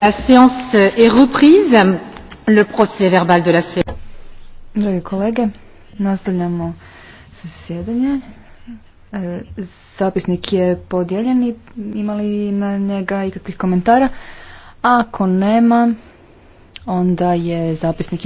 La séance est reprise. Le procès verbal de kolege, nastavljamo sjedanje. E, zapisnik je podijeljen i imali na njega ikakvih komentara. Ako nema, onda je zapisnik